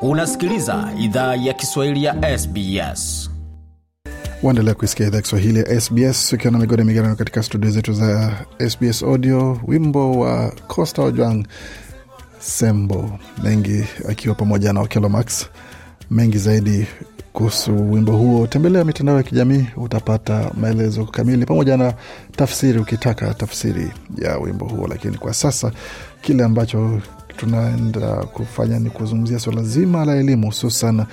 unasikiliza idhaa ya kiswahili ya sbs waendelea kuisikia idhaa kiswahili ya sbs ukiwa na migodo migarano katika studio zetu za sbs audio wimbo wa costa ojwang sembo mengi akiwa pamoja na okelo max mengi zaidi kuhusu wimbo huo, tembelea mitandao ya kijamii, utapata maelezo kamili pamoja na tafsiri, ukitaka tafsiri ya wimbo huo. Lakini kwa sasa kile ambacho tunaenda kufanya ni kuzungumzia swala zima la elimu, hususan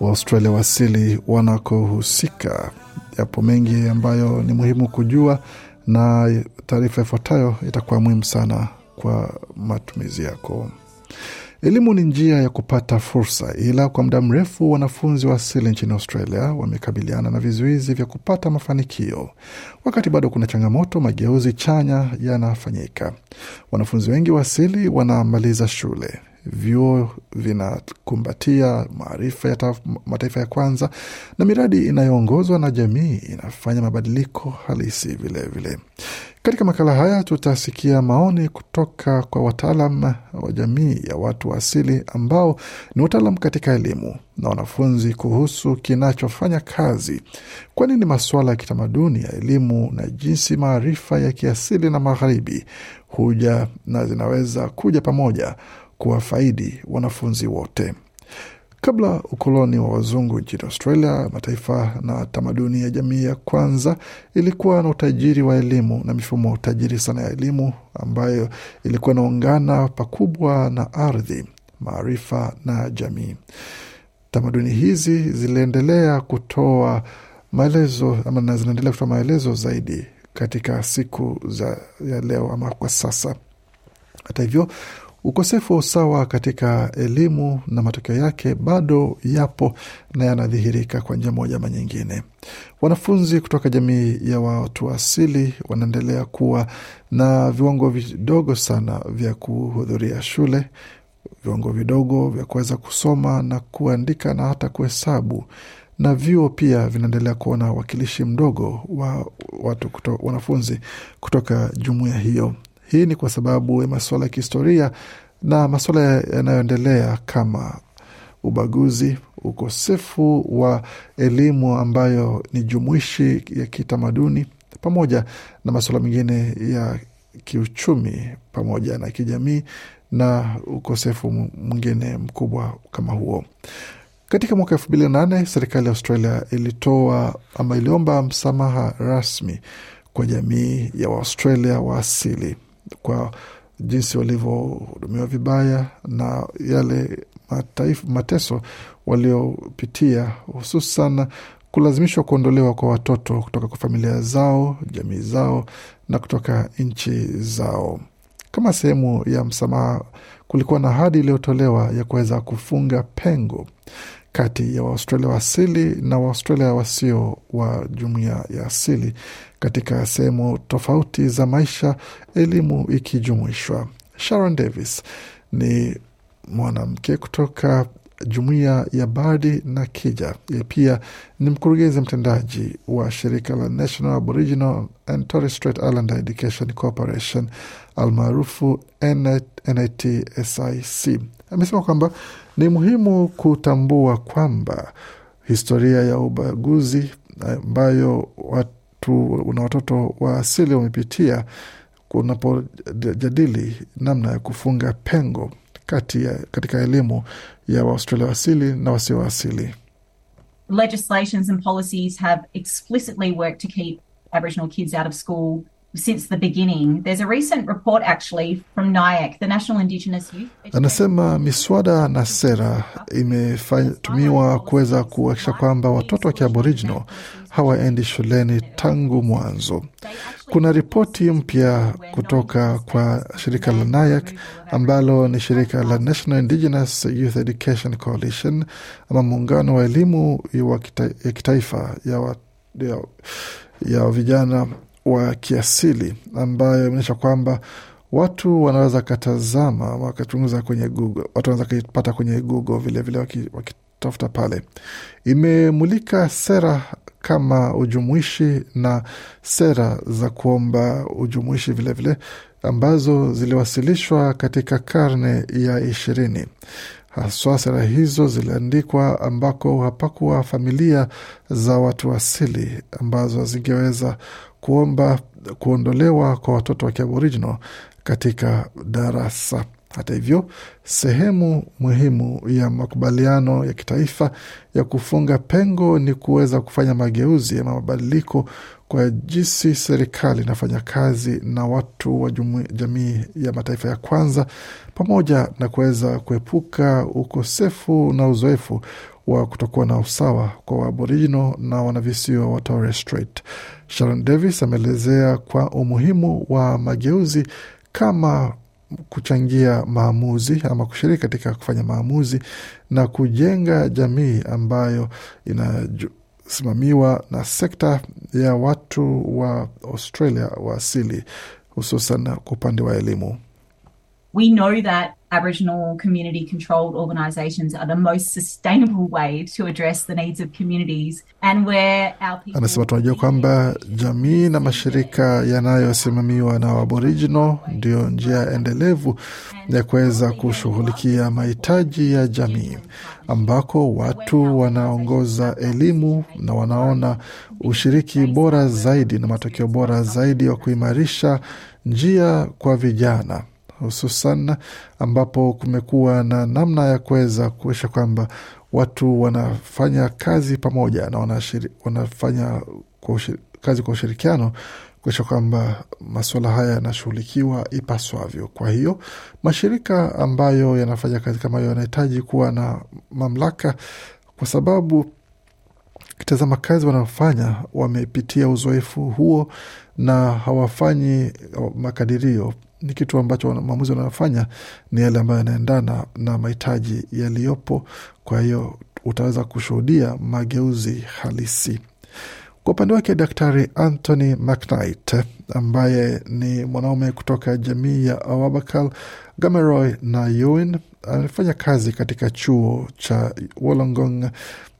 Waaustralia wasili wanakohusika, yapo mengi ambayo ni muhimu kujua, na taarifa ifuatayo itakuwa muhimu sana kwa matumizi yako. Elimu ni njia ya kupata fursa, ila kwa muda mrefu wanafunzi wa asili nchini Australia wamekabiliana na vizuizi vya kupata mafanikio. Wakati bado kuna changamoto, mageuzi chanya yanafanyika. Wanafunzi wengi wa asili wanamaliza shule vyuo vinakumbatia maarifa ya taf, mataifa ya kwanza na miradi inayoongozwa na jamii inafanya mabadiliko halisi vilevile vile. Katika makala haya tutasikia maoni kutoka kwa wataalam wa jamii ya watu wa asili ambao ni wataalam katika elimu na wanafunzi kuhusu kinachofanya kazi, kwa nini masuala ya kitamaduni ya elimu na jinsi maarifa ya kiasili na magharibi huja na zinaweza kuja pamoja kuwafaidi wanafunzi wote. Kabla ukoloni wa wazungu nchini Australia, mataifa na tamaduni ya jamii ya kwanza ilikuwa na utajiri wa elimu na mifumo tajiri sana ya elimu ambayo ilikuwa inaungana pakubwa na ardhi, maarifa na jamii. Tamaduni hizi ziliendelea kutoa maelezo ama zinaendelea kutoa maelezo zaidi katika siku za ya leo ama kwa sasa. Hata hivyo Ukosefu wa usawa katika elimu na matokeo yake bado yapo na yanadhihirika kwa njia moja ama nyingine. Wanafunzi kutoka jamii ya watu asili wanaendelea kuwa na viwango vidogo sana vya kuhudhuria shule, viwango vidogo vya kuweza kusoma na kuandika na hata kuhesabu na vyuo pia vinaendelea kuona wakilishi mdogo wa watu kuto, wanafunzi kutoka jumuiya hiyo. Hii ni kwa sababu ya masuala ya kihistoria na masuala yanayoendelea kama ubaguzi, ukosefu wa elimu ambayo ni jumuishi ya kitamaduni, pamoja na masuala mengine ya kiuchumi pamoja na kijamii na ukosefu mwingine mkubwa kama huo. Katika mwaka elfu mbili na nane serikali ya Australia ilitoa ama iliomba msamaha rasmi kwa jamii ya Waaustralia wa asili kwa jinsi walivyohudumiwa vibaya na yale mataifa, mateso waliopitia, hususan kulazimishwa kuondolewa kwa watoto kutoka kwa familia zao, jamii zao na kutoka nchi zao. Kama sehemu ya msamaha, kulikuwa na ahadi iliyotolewa ya kuweza kufunga pengo kati ya Waaustralia wa asili na Waaustralia wasio wa jumuiya ya asili katika sehemu tofauti za maisha, elimu ikijumuishwa. Sharon Davis ni mwanamke kutoka jumuiya ya Bardi na Kija. Yeye pia ni mkurugenzi mtendaji wa shirika la National Aboriginal and Torres Strait Islander Education Corporation almaarufu NATSIC amesema kwamba ni muhimu kutambua kwamba historia ya ubaguzi ambayo watu na watoto wa asili wamepitia kunapojadili namna ya kufunga pengo kati ya, katika elimu ya Waaustralia wa asili na wasio wa asili. Legislations and policies have explicitly worked to keep Aboriginal kids out of school since the beginning. There's a recent report actually from NIAC, the National Indigenous Youth. Anasema miswada na sera imetumiwa kuweza kuhakikisha kwamba watoto wa Kiaboriginal hawaendi shuleni tangu mwanzo. Kuna ripoti mpya kutoka kwa shirika la NIAC ambalo ni shirika la National Indigenous Youth Education Coalition ama muungano wa elimu ya kitaifa ya, wa, ya, ya vijana wa kiasili ambayo imeonyesha kwamba watu wanaweza katazama wakachunguza kwenye Google, watu wanaweza wakapata kwenye Google vilevile wakitafuta waki pale. Imemulika sera kama ujumuishi na sera za kuomba ujumuishi vilevile vile, ambazo ziliwasilishwa katika karne ya ishirini. Haswa sera hizo ziliandikwa ambako hapakuwa familia za watu asili ambazo zingeweza kuomba kuondolewa kwa watoto wa Kiaboriginal katika darasa. Hata hivyo, sehemu muhimu ya makubaliano ya kitaifa ya kufunga pengo ni kuweza kufanya mageuzi ama mabadiliko kwa jinsi serikali inafanya kazi na watu wa jamii ya mataifa ya kwanza, pamoja na kuweza kuepuka ukosefu na uzoefu wa kutokuwa na usawa kwa Waaborino na wanavisiwa wa Torres Strait. Sharon Davis ameelezea kwa umuhimu wa mageuzi kama kuchangia maamuzi ama kushiriki katika kufanya maamuzi na kujenga jamii ambayo inasimamiwa na sekta ya watu wa Australia wa asili hususan kwa upande wa elimu. We know that Aboriginal community controlled organisations are the most sustainable way to address the needs of communities and where our people. Anasema tunajua kwamba jamii na mashirika yanayosimamiwa na Aboriginal ndio njia endelevu ya kuweza kushughulikia mahitaji ya jamii, ambako watu wanaongoza elimu na wanaona ushiriki bora zaidi na matokeo bora zaidi wa kuimarisha njia kwa vijana hususan ambapo kumekuwa na namna ya kuweza kuesha kwamba watu wanafanya kazi pamoja na wanashiri, wanafanya kwa ushir, kazi kwa ushirikiano kuesha kwamba masuala haya yanashughulikiwa ipaswavyo. Kwa hiyo mashirika ambayo yanafanya kazi kama hiyo yanahitaji kuwa na mamlaka, kwa sababu kitazama kazi wanaofanya wamepitia uzoefu huo na hawafanyi oh, makadirio. Ni kitu ambacho maamuzi wanayofanya ni yale ambayo yanaendana na mahitaji yaliyopo. Kwa hiyo utaweza kushuhudia mageuzi halisi. Kwa upande wake Daktari Anthony McKnight ambaye ni mwanaume kutoka jamii ya Awabakal, Gameroy na Yuin amefanya kazi katika chuo cha Wollongong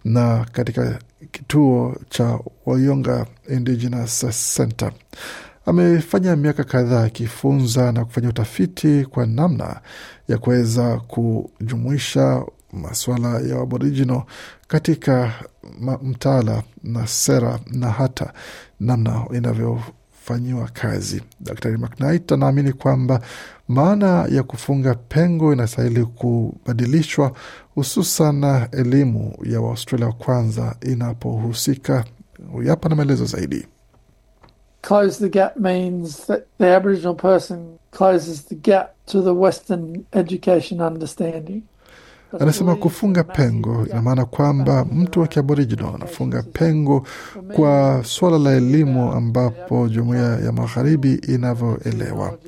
na katika kituo cha Wayonga Indigenous Center. Amefanya miaka kadhaa akifunza na kufanya utafiti kwa namna ya kuweza kujumuisha masuala ya Aboriginal katika mtaala na sera na hata namna inavyofanyiwa kazi. Dr. McKnight anaamini kwamba maana ya kufunga pengo inastahili kubadilishwa hususan elimu ya waaustralia wa kwanza inapohusika. Huyu hapa na maelezo zaidi. Close the gap means that the Aboriginal person closes the gap to the Western education understanding. Anasema kufunga pengo ina maana kwamba mtu wa kiaborijino anafunga pengo kwa suala la elimu, ambapo jumuiya ya magharibi inavyoelewa.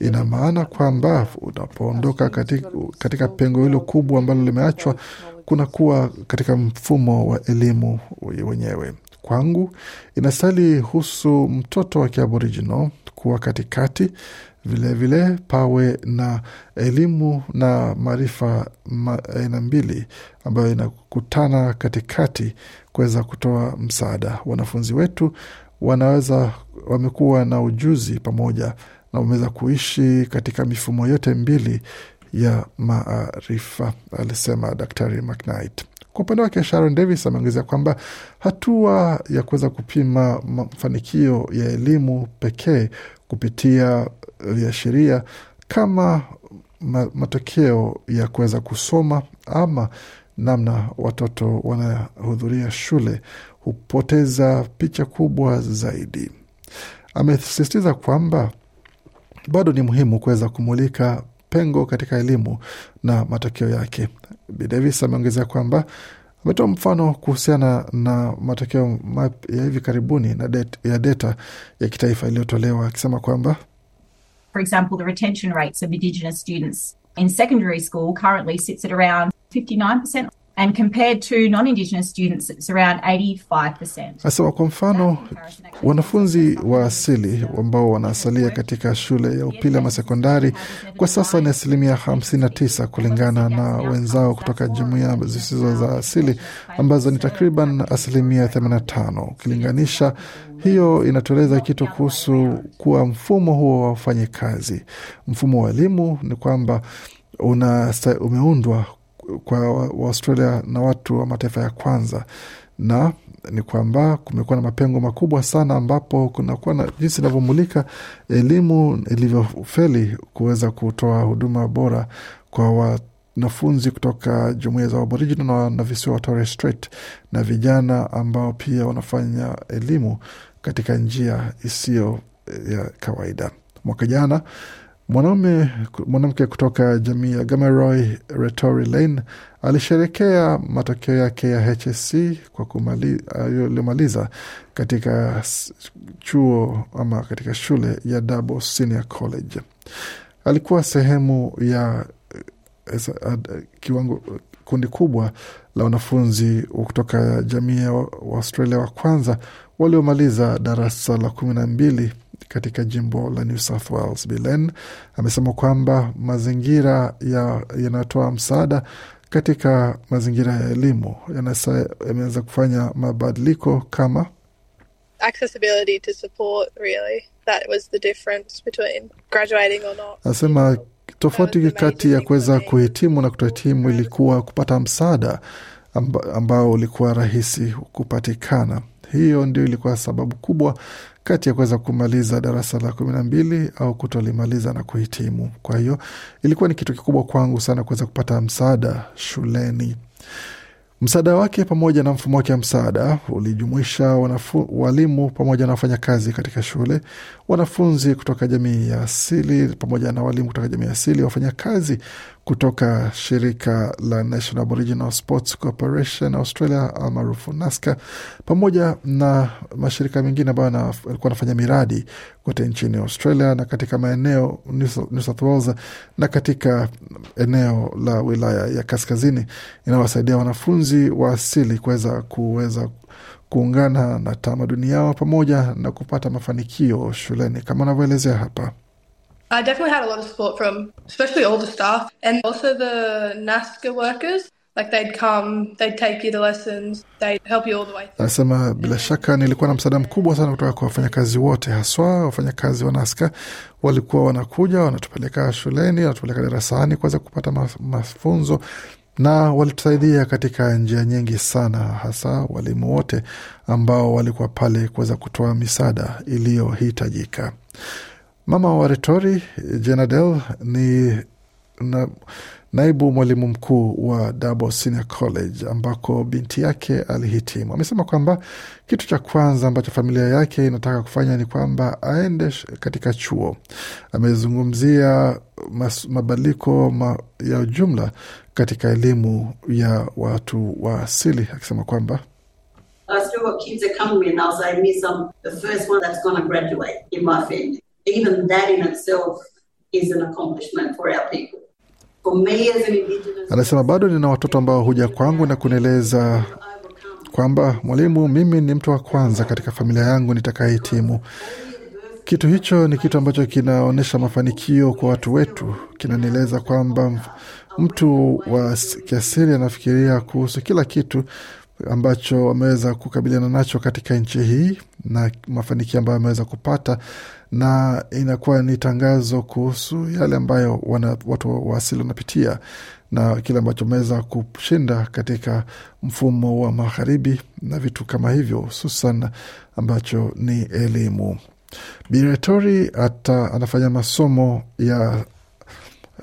Ina maana kwamba unapoondoka katika, katika pengo hilo kubwa ambalo limeachwa, kunakuwa katika mfumo wa elimu wenyewe kwangu inastali husu mtoto wa kiaboriginal kuwa katikati vilevile vile, pawe na elimu na maarifa aina mbili ambayo inakutana katikati kuweza kutoa msaada. Wanafunzi wetu wanaweza wamekuwa na ujuzi pamoja na wameweza kuishi katika mifumo yote mbili ya maarifa, alisema Daktari McKnight. Kwa upande wake Sharon Davis ameongezea kwamba hatua ya kuweza kupima mafanikio ya elimu pekee kupitia viashiria kama matokeo ya kuweza kusoma ama namna watoto wanahudhuria shule hupoteza picha kubwa zaidi. Amesisitiza kwamba bado ni muhimu kuweza kumulika pengo katika elimu na matokeo yake. Bi Davis ameongezea kwamba ametoa mfano kuhusiana na matokeo ya hivi karibuni na det, ya deta ya kitaifa iliyotolewa akisema kwamba For example, the retention rates of Indigenous students in secondary school currently sits at around 59%. And compared to non-indigenous students, it's around 85%. Asema kwa mfano wanafunzi wa asili ambao wanasalia katika shule ya upili ama sekondari kwa sasa ni asilimia 59 kulingana na wenzao kutoka jumuia zisizo za asili ambazo ni takriban asilimia 85 ukilinganisha hiyo inatueleza kitu kuhusu kuwa mfumo huo wa wafanyikazi. Mfumo wa elimu ni kwamba umeundwa kwa wa na watu wa mataifa ya kwanza na ni kwamba kumekuwa na mapengo makubwa sana, ambapo kunakuwa na jinsi inavyomulika elimu ilivyofeli kuweza kutoa huduma bora kwa wanafunzi kutoka jumuia za Aboriginal na, na visiwa wa Torres Strait na vijana ambao pia wanafanya elimu katika njia isiyo ya kawaida. Mwaka jana Mwanaume mwanamke kutoka jamii ya Gameroy Retory Lane alisherekea matokeo yake ya HSC kwa aliyomaliza katika chuo ama katika shule ya Dabo Senior College. Alikuwa sehemu ya eh, kiwango kundi kubwa la wanafunzi kutoka jamii ya Waustralia wa kwanza waliomaliza darasa la kumi na mbili katika jimbo la New South Wales. Bilen amesema kwamba mazingira yanatoa ya msaada katika mazingira ya elimu yameweza kufanya mabadiliko kama anasema tofauti kati ya kuweza kuhitimu na kutohitimu ilikuwa kupata msaada ambao ulikuwa rahisi kupatikana. Hiyo ndio ilikuwa sababu kubwa kati ya kuweza kumaliza darasa la kumi na mbili au kutolimaliza na kuhitimu. Kwa hiyo ilikuwa ni kitu kikubwa kwangu sana kuweza kupata msaada shuleni. Msaada wake pamoja na mfumo wake wa msaada ulijumuisha walimu pamoja na wafanyakazi katika shule, wanafunzi kutoka jamii ya asili pamoja na walimu kutoka jamii ya asili, wafanyakazi kutoka shirika la National Aboriginal Sports Corporation Australia almaarufu NASCA, pamoja na mashirika mengine ambayo alikuwa anafanya miradi kote nchini Australia na katika maeneo New South Wales na katika eneo la wilaya ya kaskazini, inayowasaidia wanafunzi wa asili kuweza kuweza kuungana na tamaduni yao pamoja na kupata mafanikio shuleni kama anavyoelezea hapa. I definitely had a lot of support from, especially all the staff and also the NASCA workers. Like they'd come, they'd take you to lessons, they'd help you all the way. Anasema bila shaka nilikuwa na msaada mkubwa sana kutoka kwa wafanyakazi wote, haswa wafanyakazi wa NASCA walikuwa wanakuja, wanatupeleka shuleni, wanatupeleka darasani kuweza kupata mafunzo na walitusaidia katika njia nyingi sana, hasa walimu wote ambao walikuwa pale kuweza kutoa misaada iliyohitajika. Mama wa Retori Jenadel ni na, naibu mwalimu mkuu wa Dabo Senior College ambako binti yake alihitimu. Amesema kwamba kitu cha kwanza ambacho familia yake inataka kufanya ni kwamba aende katika chuo. Amezungumzia mabadiliko ma, ya jumla katika elimu ya watu wa asili akisema kwamba even that in itself is an accomplishment for our people. Anasema bado nina watoto ambao huja kwangu na kunieleza kwamba mwalimu, mimi ni mtu wa kwanza katika familia yangu nitakayehitimu. Kitu hicho ni kitu ambacho kinaonyesha mafanikio kwa watu wetu, kinanieleza kwamba mtu wa kiasili anafikiria kuhusu kila kitu ambacho wameweza kukabiliana nacho katika nchi hii na mafanikio ambayo ameweza kupata, na inakuwa ni tangazo kuhusu yale ambayo wana, watu wa asili wanapitia na kile ambacho ameweza kushinda katika mfumo wa magharibi na vitu kama hivyo, hususan ambacho ni elimu. Biretori anafanya masomo ya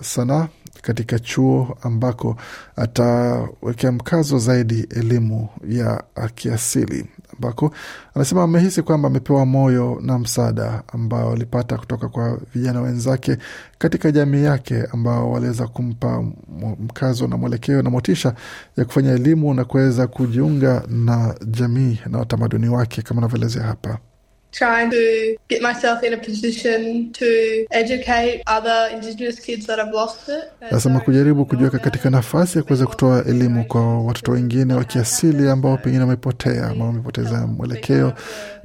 sanaa katika chuo ambako atawekea mkazo zaidi elimu ya kiasili, ambako anasema amehisi kwamba amepewa moyo na msaada ambao alipata kutoka kwa vijana wenzake katika jamii yake ambao waliweza kumpa mkazo na mwelekeo na motisha ya kufanya elimu na kuweza kujiunga na jamii na utamaduni wake kama anavyoelezea hapa trying to get myself in a position to educate other indigenous kids that have lost it. Nasema kujaribu kujiweka katika nafasi ya kuweza kutoa elimu kwa watoto wengine wa kiasili ambao pengine wamepotea ama wamepoteza mwelekeo.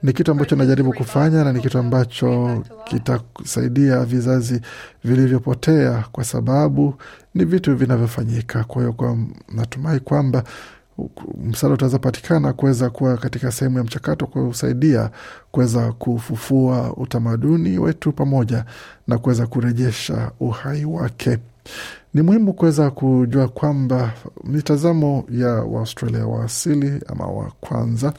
Ni kitu ambacho najaribu kufanya na ni kitu ambacho kitasaidia vizazi vilivyopotea, kwa sababu ni vitu vinavyofanyika. Kwa hiyo kwa natumai kwamba msaada utaweza patikana kuweza kuwa katika sehemu ya mchakato kusaidia kuweza kufufua utamaduni wetu pamoja na kuweza kurejesha uhai wake. Ni muhimu kuweza kujua kwamba mitazamo ya Waaustralia wa asili ama wa kwanza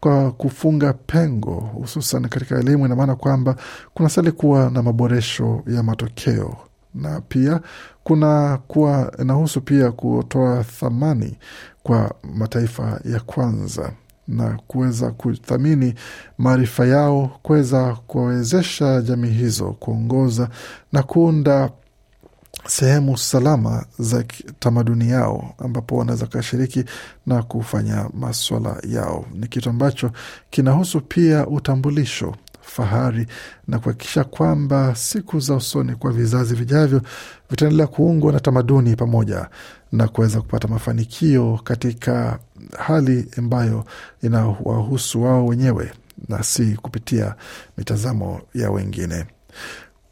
kwa kufunga pengo hususan katika elimu, ina maana kwamba kuna sali kuwa na maboresho ya matokeo na pia kuna kuwa inahusu pia kutoa thamani kwa mataifa ya kwanza na kuweza kuthamini maarifa yao, kuweza kuwawezesha jamii hizo kuongoza na kuunda sehemu salama za tamaduni yao ambapo wanaweza kashiriki na kufanya maswala yao. Ni kitu ambacho kinahusu pia utambulisho fahari na kuhakikisha kwamba siku za usoni kwa vizazi vijavyo vitaendelea kuungwa na tamaduni pamoja na kuweza kupata mafanikio katika hali ambayo inawahusu wao wenyewe na si kupitia mitazamo ya wengine.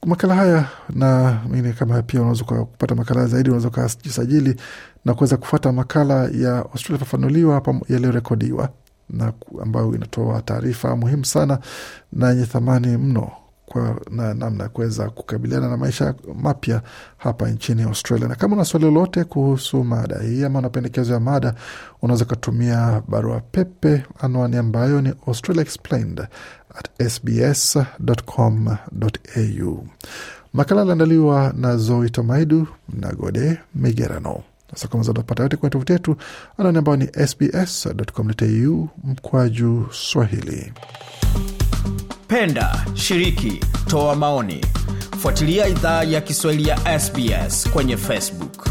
Makala haya na mengine kama pia, unaweza kupata makala zaidi, unaweza ukajisajili na kuweza kufuata makala ya Australia Fafanuliwa yaliyorekodiwa na ambayo inatoa taarifa muhimu sana na yenye thamani mno kwa na namna ya kuweza kukabiliana na maisha mapya hapa nchini Australia. Na kama una swali lolote kuhusu mada hii ama una pendekezo ya mada, unaweza ukatumia barua pepe, anwani ambayo ni Australia Explained at sbs.com.au. Makala aliandaliwa na Zoe Tomaidu na Gode Migerano. Sasa yote kwenye tovuti yetu anani ambayo ni sbs.com.au mkwaju Swahili. Penda, shiriki, toa maoni, fuatilia idhaa ya Kiswahili ya SBS kwenye Facebook.